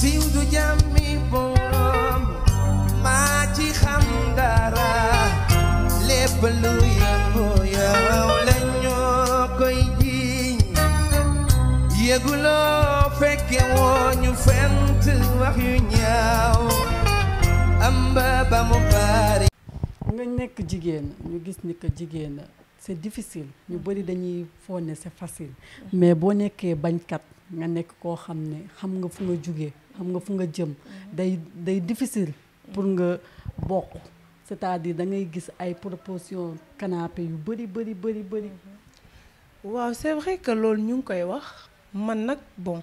siiw du jàmmi borom maa ci xam dara lépp lu yëngu yow la koy jiiñ yëguloo fekke woo ñu fent wax yu ñaaw amba ba mu bari nga nekk jigéen ñu gis ni que jigéen c'est difficile ñu bëri dañuy foone c'est facile mm. mais boo nekkee bañkat nga nekk koo xam ne xam nga fu nga jugee xam nga fu nga jëm day day difficile pour nga bokk c'est-à-dire da ngay gis ay proportion canapé yu bëri bëri bëri bëri waaw c'est vrai que loolu ñu ngi koy wax man nag bon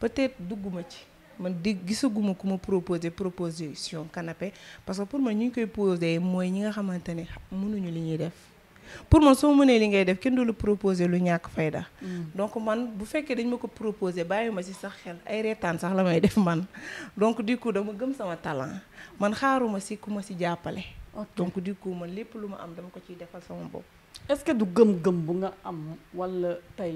peut-être dugguma ci man di gisaguma ku ma proposer proposition canapé parce que pour ma ñu ngi koy poser mooy ñi nga xamante ne mënuñu li ñuy def pour man soo mënee li ngay def kenn do la proposer lu ñak fayda mm. donc man bu fekke dañ mako proposer bayuma ci sax xel ay retane sax lamay def man donc du coup dama gëm sama talent man xaaruma ci kuma ci jappalé donc du coup man lepp luma am dama ko ci defal sama bop est-ce que du gëm-gëm bu nga am wala tay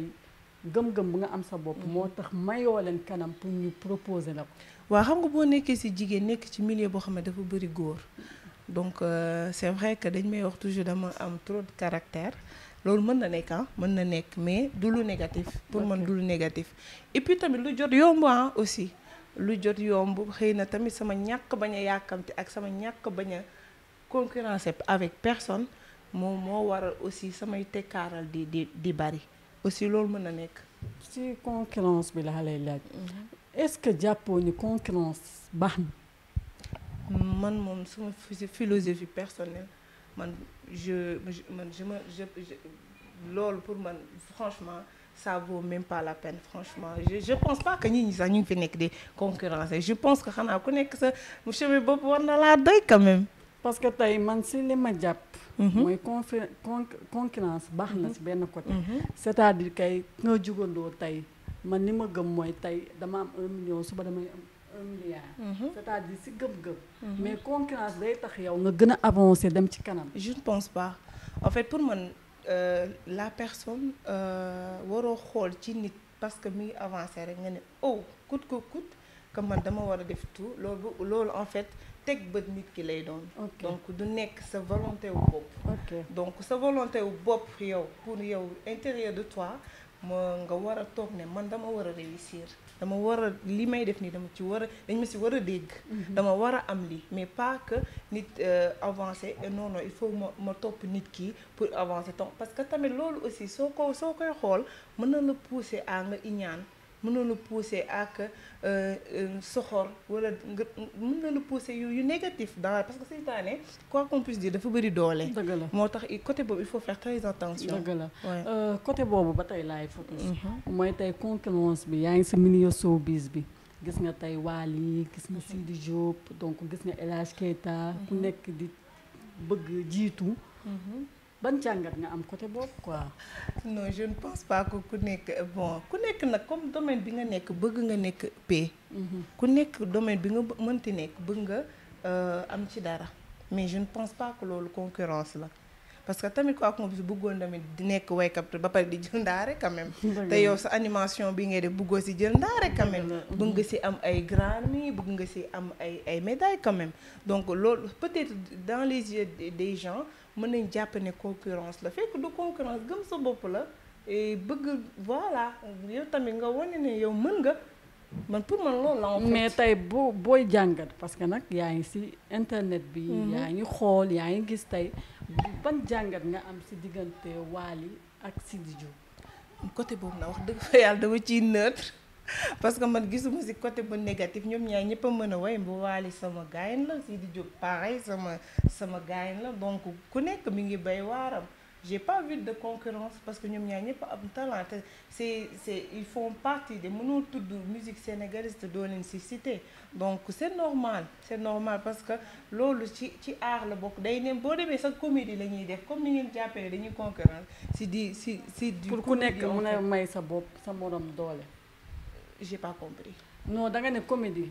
gëm-gëm bu nga am sa bop mm. motax mayo len kanam pour ñu proposer la wa xam nga bo nekk ci jigen nekk ci milieu bo xam ne dafa bëri goor donc euh, c'est vrai que dañ toujours trop de caractère mën ah, mais du lu négatif pour man négatif et puis tamit lu jot yomb ah, aussi lu jot yomb concurrence avec personne aussi samay di di bari aussi mën na concurrence mhm. est-ce que Japon ni concurrence baax man moom suma philosophie personnelle man je man je ma je lol pour man franchement ça vaut même pas la peine franchement je je pense pas que ni ni ça ni fi nekk di concurrencer je pense que xanaa ku nekk sa monsieur bi boobu war la doy quand même. parce que tay man si li ma jàpp. Mhm. mooy concurrence baax na ci mhm. ben côté. Mhm. c'est-à-dire kay nga jugandoo tay man ni ma gëm moy tay dama am un million suba dama am un milliard. Mhm. c'est-à-dire si gëm-gëm. Mhm. mais concurrence day tax yow nga gën a avancer dem ci kanam. je ne pense pas en fait pour man euh, la personne euh, waroo xool ci nit parce que mi avancer rek nga ne oh coûte que coûte que man dama war a def tout loolu loolu en fait. tek bët nit ki lay don donc du nek sa volonté wu bopp donc sa volonté wu bopp yow pour yow intérieur de toi ma nga war a toog ne man dama war a réussir dama war a li may def nii dama ci war a dañ ma si war a dégg mhm. dama war a am li mais pas que nit euh, avancer non non il faut ma ma topp nit kii pour avancer ton parce que tamit loolu aussi soo ko soo koy xool mën na la pousser à nga iñaan Nous la pousser ak euh, euh, soxor wala la négatif dans parce que quoi qu'on puisse dire dafa bëri doole. dëgg la côté il faut faire très attention. dëgg euh, côté boobu ba tey laay focus. Mhm. mooy tey concurrence bi yaa ngi si showbiz bi. gis nga tey Wally gis nga mhm. Sidi Diop donc gis nga El Hadj ku mhm. nekk di bëgg jiitu ban jangat nga am côté boobu quoi. non je ne pense pas que ku nek bon ku nek nak comme domaine bi nga nek bëgg nga nek paix. Mhm. ku nek domaine bi nga mënti nek bëgg nga euh am ci dara mais je ne pense pas que lolu concurrence la parce que tamit quoi qu'on puisse bëggoon tamit di nekk ouais ba pare di jël quand même te yow sa animation bi ngay def bëggoo si quand même bëgg nga si am ay Grammy bëgg nga si am ay ay médaille quand même donc peut-être dans les yeux des gens mon nañ jàpp ne concurrence la que du concurrence gëm sa bopp la bëgg voilà yo tamit nga wane ne yo mën nga man pour man loolu la mais tey boo booy jàngat parce que nag yaa ngi si internet bi. Mhm. yaa ngi xool yaa ngi gis tey ban jàngat nga am ci diggante Wally ak Sidi Diop. côté boobu na wax dëgg fa yàlla dama ci neutre parce que man gisuma si côté bu négatif ñoom ñaar ñëpp a mën a way bu Wally sama gaayen la si di pareil sama sama gaayen la donk ku nekk mi ngi bay waaram. j'ai pas vu de concurrence parce que nous ñaar pas de talent c'est c'est ils font partie de mënoo tudd musique sénégalaise de l'université. donc c'est normal c'est normal parce que loolu ci ci aar la bokk day ne boo demee sa comédie la des def comme ni ngeen des dañuy concurrence si di si si du pour ku nekk mën a may sa ça sa morom doole j'ai pas compris non da nga comédie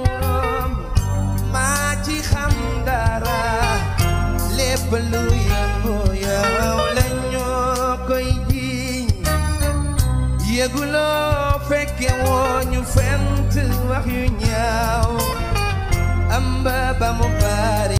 i fekke woo am ba